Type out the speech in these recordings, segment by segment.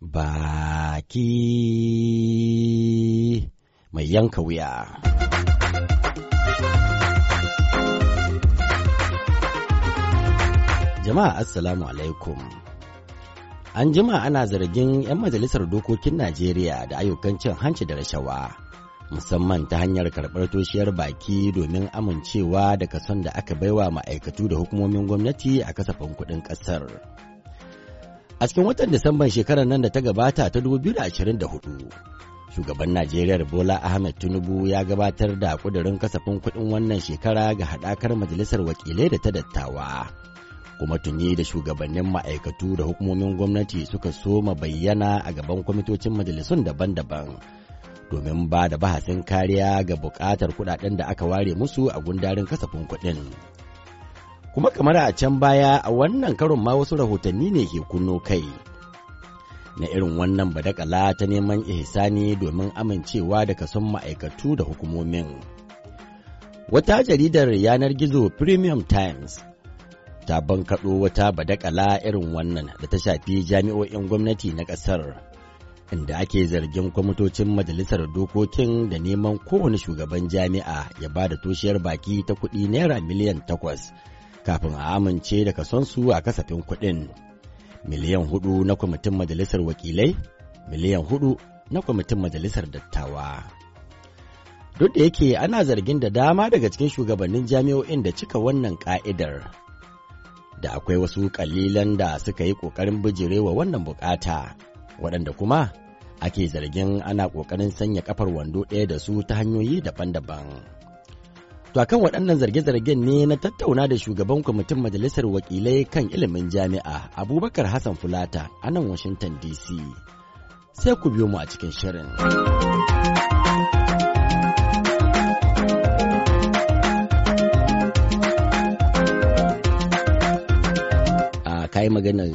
baki mai yanka wuya. Jama'a Assalamu alaikum. An jima ana zargin 'yan majalisar dokokin Najeriya da ayyukan cin hanci da rashawa, musamman ta hanyar karɓar toshiyar baki domin amincewa da kason da aka baiwa ma'aikatu da hukumomin gwamnati a kasafin kuɗin ƙasar. A cikin watan Disamban shekarar nan da ta gabata ta 2024, shugaban Najeriya Bola Ahmed Tinubu ya gabatar da kudurin kasafin kuɗin wannan shekara ga haɗakar majalisar wakilai da ta dattawa. Kuma tuni da shugabannin ma'aikatu da hukumomin gwamnati suka soma bayyana a gaban kwamitocin majalisun daban-daban. domin ba da bahasin kariya ga bukatar kudaden da aka ware musu a gundarin kasafin kuɗin. kuma kamar a can baya a wannan karon ma wasu rahotanni ne ke kunno kai na irin wannan badakala ta neman ihsani domin amincewa da kason ma'aikatu da hukumomin wata jaridar yanar gizo premium times ta bankaɗo wata badakala irin wannan da ta shafi jami'o'in gwamnati na ƙasar inda ake zargin kwamitocin majalisar dokokin da neman kowane shugaban jami'a ya ba da toshiyar baki ta kuɗi naira miliyan takwas kafin a amince da kasonsu a kasafin kuɗin. Miliyan hudu na kwamitin majalisar wakilai, miliyan hudu na kwamitin majalisar dattawa. Duk da yake ana zargin da dama daga cikin shugabannin jami'o'in da cika wannan ka'idar. Da akwai wasu kalilan da suka yi ƙoƙarin bijirewa wannan bukata, waɗanda kuma ake zargin ana ƙoƙarin sanya kafar wando ɗaya da su ta hanyoyi daban-daban. To kan waɗannan zarge-zargen ne na tattauna da shugaban kwamitin majalisar wakilai kan ilimin jami'a Abubakar Hassan Fulata a nan Washington DC. Sai ku biyo mu a cikin shirin. A kayi maganar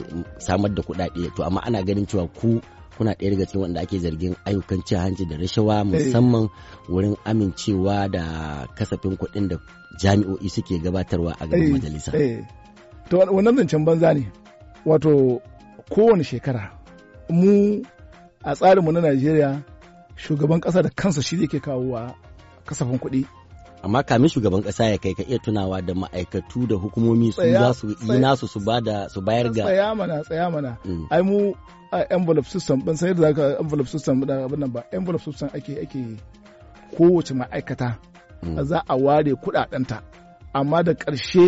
samar da kuɗaɗe to amma ana ganin cewa ku kuna ɗaya daga cikin wanda ake zargin ayyukan cin hanci da rashawa eh. musamman wurin amincewa da kasafin kuɗin da jami'o'i suke gabatarwa a gaban eh, majalisa. Eh. To wannan zancen banza ne wato kowane shekara mu a tsarinmu na Najeriya shugaban ƙasa da kansa shi ke kawo kasafin kuɗi amma kamin shugaban kasa ya kai ka iya tunawa da ma'aikatu da hukumomi su za su yi nasu su bada su bayar ga tsaya mana tsaya mana mm. ai mu envelope system ban sai da ka envelope system da abin nan ba envelope system ake ake kowace ma'aikata mm. za a ware ta amma da ƙarshe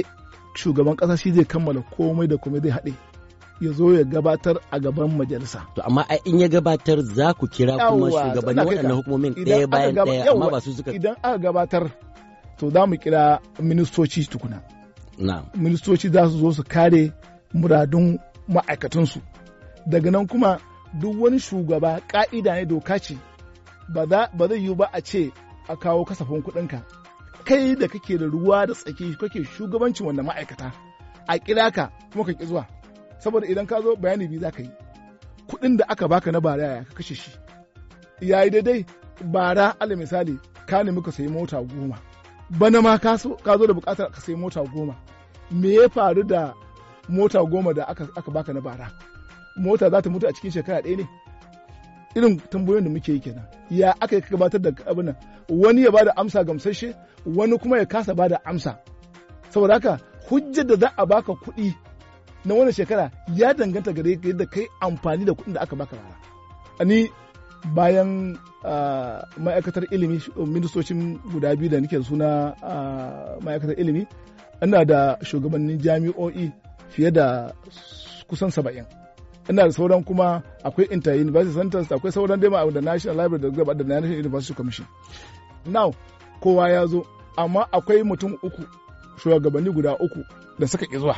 shugaban kasa shi zai kammala komai da komai zai haɗe ya zo ya gabatar a gaban majalisa. To amma in ya gabatar za ku kira kuma shugabanni waɗannan hukumomin ɗaya bayan ɗaya amma ba su suka. Idan aka gabatar to za mu kira ministoci tukuna ministoci za su zo su kare muradun ma'aikatansu daga nan kuma duk wani shugaba ka'ida ne doka ce ba zai yiwu ba a ce a kawo kasafin kuɗinka kai da kake da ruwa da tsaki kake shugabancin wannan ma'aikata a kira ka kuma ka ki zuwa saboda idan ka zo bayani biyu za ka yi kuɗin da aka baka na bara ya ka kashe shi yayi daidai bara ala misali ka nemi ka sayi mota goma bana ma ka zo da bukatar ka sai mota goma me ya faru da mota goma da aka, baka na bara mota za ta mutu a cikin shekara ɗaya ne irin tambayoyin da muke yi kenan ya aka gabatar da abin wani ya bada amsa gamsashe wani kuma ya kasa bada amsa saboda haka hujjar da za a baka kuɗi na wannan shekara ya danganta gare yadda kai amfani da kuɗin da aka baka bara ni bayan ma'aikatar ilimi ministocin guda biyu da nike suna ma'aikatar ilimi ina da shugabannin jami'o'i fiye da kusan saba'in ina da sauran kuma akwai inter university centers akwai sauran dai da national library da gaba da national university commission now kowa ya zo amma akwai mutum uku shugabanni guda uku da suka ƙi zuwa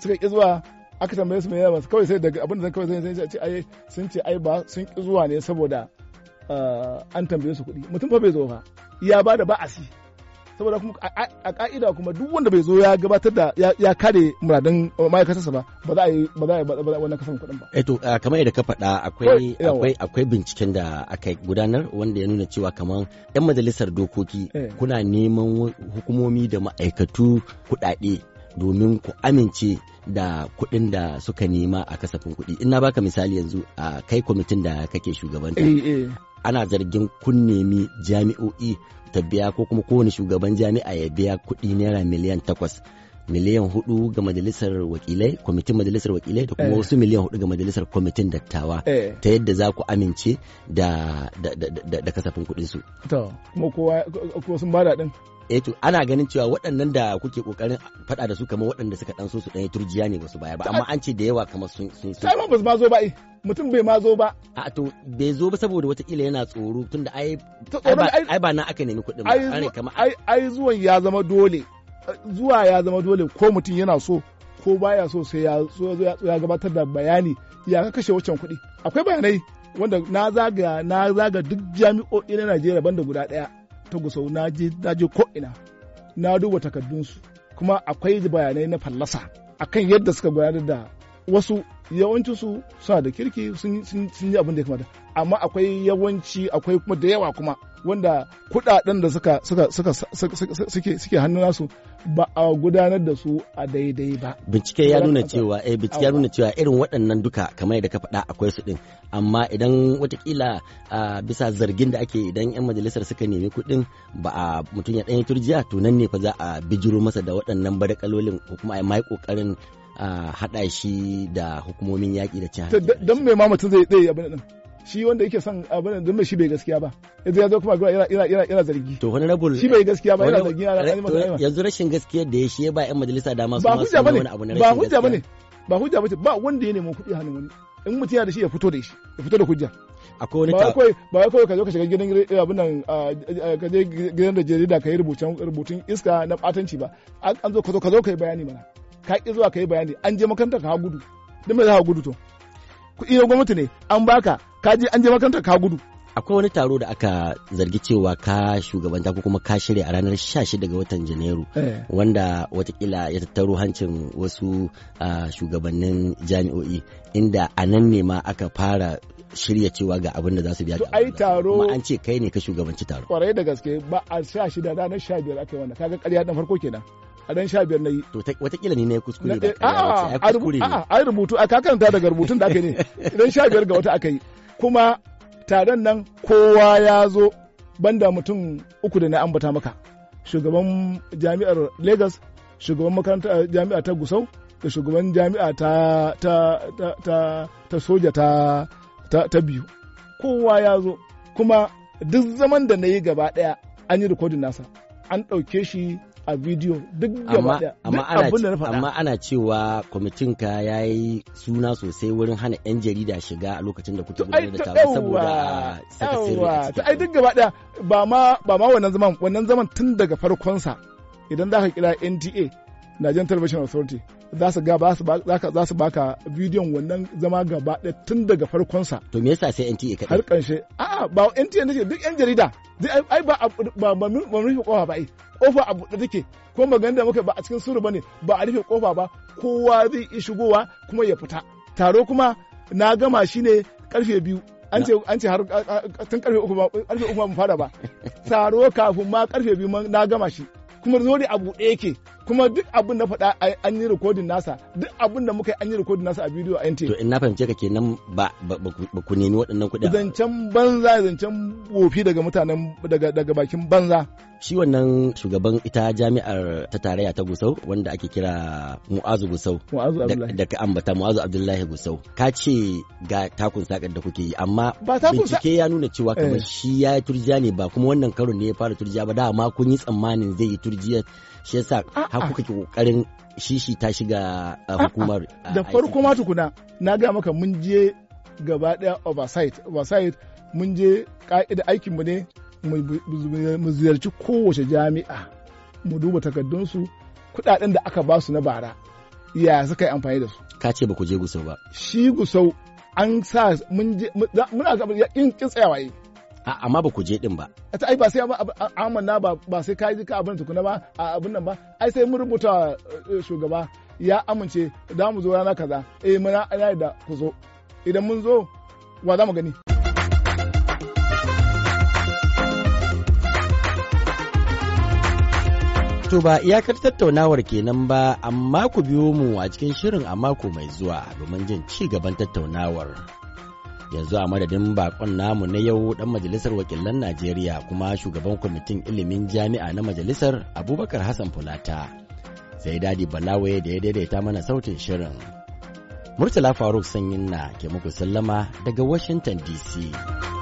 suka ƙi zuwa aka tambaye su me yawa kawai sai daga abin da kawai sai sai ce ai sun ce ai ba sun ki zuwa ne saboda ah, an tambaye su kuɗi mutum fa bai zo fa ya ba da ba'asi saboda kuma a ka'ida kuma duk wanda bai zo ya gabatar da ya kare muradin ma'aikatarsa ba ba za a yi ba za a yi wannan kasan kuɗin ba. Eto eh ah, kamar yadda ka faɗa akwai akwai binciken da aka gudanar wanda ya nuna cewa kamar yan majalisar dokoki eh. kuna neman hukumomi da ma'aikatu kuɗaɗe domin ku amince da kuɗin da suka nema a kasafin kuɗi ina baka misali yanzu a kai kwamitin da kake shugabanta eh, eh. ana zargin kun nemi jami'o'i ta biya ko kuma kowane shugaban jami'a ya biya kuɗi naira miliyan takwas miliyan hudu ga majalisar wakilai kwamitin majalisar wakilai da kuma eh. wasu miliyan hudu ga majalisar kwamitin dattawa eh. ta yadda za ku amince da da kasafin kudin su. To kuma kowa sun bada din. Eh to ana ganin cewa waɗannan da kuke kokarin faɗa da su kamar waɗanda suka ɗan so su ɗanyi turjiya ne wasu baya ba amma an ce da yawa kamar sun sun. Sai ma ba su ma zo ba eh. mutum bai ma zo ba. A to bai zo ba saboda wata kila yana tsoro tunda ai ai ba na aka nemi kuɗin ba. Ai zuwan ya zama dole. zuwa ya zama dole ko mutum yana so ko baya so sai ya zo ya gabatar da bayani ya ka kashe wacan kuɗi akwai bayanai wanda na zaga na zaga duk jami'o'i na Najeriya banda guda ɗaya ta gusau na je na je ko ina na duba su kuma akwai bayanai na fallasa akan yadda suka gudanar da wasu yawancinsu suna da kirki sun yi abin da ya kamata amma akwai yawanci akwai kuma da yawa kuma wanda kudaden da suka suka suke suke hannu nasu ba a gudanar da su a daidai ba bincike ya nuna cewa eh bincike ya nuna cewa irin waɗannan duka kamar yadda ka faɗa akwai su din amma idan watakila bisa zargin da ake idan yan majalisar suka nemi kuɗin ba a mutum ya ɗan turjiya to nan ne fa za a bijiro masa da waɗannan badakalolin ko kuma a yi mai ƙoƙarin haɗa shi da hukumomin yaƙi da cin hanci. Don me ma mutum zai tsaye abin nan? shi wanda yake son abin da shi bai gaskiya ba yanzu ya zo kuma ira ira ira ira zargi to wani rabul shi bai gaskiya ba ira zargi yana yanzu rashin gaskiya da ya shi ba yan majalisa dama su masu wani abu na rashin ba hujja bane ba hujja bace ba wanda ya nemo kuɗi hannun wani in mutum yana da shi ya fito da shi ya fito da hujja akwai wani ta ba kai ka zo ka shiga gidan abin nan ka je gidan da jarida ka yi rubutun rubutun iska na batanci ba an zo ka zo ka zo ka yi bayani mana ka ki zuwa ka yi bayani an je makarantar ka ha gudu dan me za ka gudu to kuɗi na gwamnati ne an baka ka je an je makaranta ka gudu akwai wani taro da aka zargi cewa ka shugabanta ko kuma ka shirya a ranar 16 ga watan janairu eh. wanda watakila ya tattaro hancin wasu shugabannin jami'o'i inda a nan ne ma aka fara shirya cewa ga abin da za su biya da ai taro kuma an ce kai ne ka shugabanci taro kwarai da gaske ba a da ranar biyar aka yi wannan kaga karya dan farko kenan a dan sha biyar na yi. To watakila ni na yi kuskure ba. Eh, a'a, a rubutu a kakanta daga rubutun da aka yi ne. Dan sha biyar ga wata aka yi. kuma taron nan kowa ya zo banda mutum uku da na ambata maka shugaban jami'ar lagos shugaban makarantar eh, jami'a ta gusau da shugaban jami'a ta, soja ta, ta, biyu kowa ya zo kuma duk zaman da na yi gaba ɗaya an yi rikodin nasa an ɗauke shi a bidiyo duk gaba da faɗa amma ana cewa kwamitin ka yi suna sosai wurin hana yan jarida shiga a lokacin da kuke gudanar da saboda saka ai duk gaba daya ba ma ba ma wannan zaman wannan zaman tun daga farkonsa idan za ka kira NTA Nigerian Television Authority za su ga za su baka bidiyon wannan zama gaba ɗaya tun daga farkonsa. To me yasa sai NTA kaɗai? Har ƙarshe. A'a ba NTA nake duk 'yan jarida. Ai ba ba ba mun rufe kofa ba ai. Kofa a buɗe take. Ko maganda da muka ba a cikin suru bane ba a rufe kofa ba kowa zai iya shigowa kuma ya fita. Taro kuma na gama shi ne ƙarfe biyu. An ce an ce har tun ƙarfe uku ba ƙarfe uku ba mu fara ba. Taro kafin ma ƙarfe biyu na gama shi. Kuma zo a buɗe yake. kuma duk abin da faɗa an yi rikodin nasa duk abin da muka yi an yi rikodin nasa a bidiyo a NTA. To in na fahimce ka kenan ba ba ku nemi waɗannan kuɗi. Zancen banza zancen wofi daga mutanen daga daga bakin banza. Shi wannan shugaban ita jami'ar ta tarayya ta Gusau wanda ake kira Mu'azu Gusau. Mu'azu Abdullahi. Da ka ambata Mu'azu Abdullahi Gusau. Ka ce ga takun sakar da kuke yi amma bincike ya nuna cewa kamar eh. shi ya yi turjiya ne ba kuma wannan karon ne ya fara turjiya ba dama kun yi tsammanin zai yi turjiya shi yasa har kuka ki kokarin shishi ta shiga uh, hukumar uh, da farko ma tukuna na ga maka mun je gaba daya oversight oversight mun je ka'ida aikinmu ne mu ziyarci kowace jami'a mu duba takardunsu kudaden da aka basu na bara ya suka yi amfani da su ka ce ba ku je gusau ba shi gusau an sa mun je muna ga in kin tsayawaye a amma ba ku je din ba ta ai ba sai amanna ba sai ka yi ka abin tukuna ba a abin nan ba ai sai mun rubuta eh, shugaba ya amince za mu zo rana kaza eh muna ana da ku zo idan mun zo wa za mu gani To ba iyakar tattaunawar kenan ba amma ku biyo mu a cikin shirin a mako mai zuwa domin jin ci gaban tattaunawar. yanzu a madadin bakon namu na yau dan majalisar wakilan najeriya kuma shugaban kwamitin ilimin jami'a na majalisar abubakar hassan fulata sai dadi balawe da ya daidaita mana sautin shirin murtala faruk sanyin na ke muku sallama daga washington dc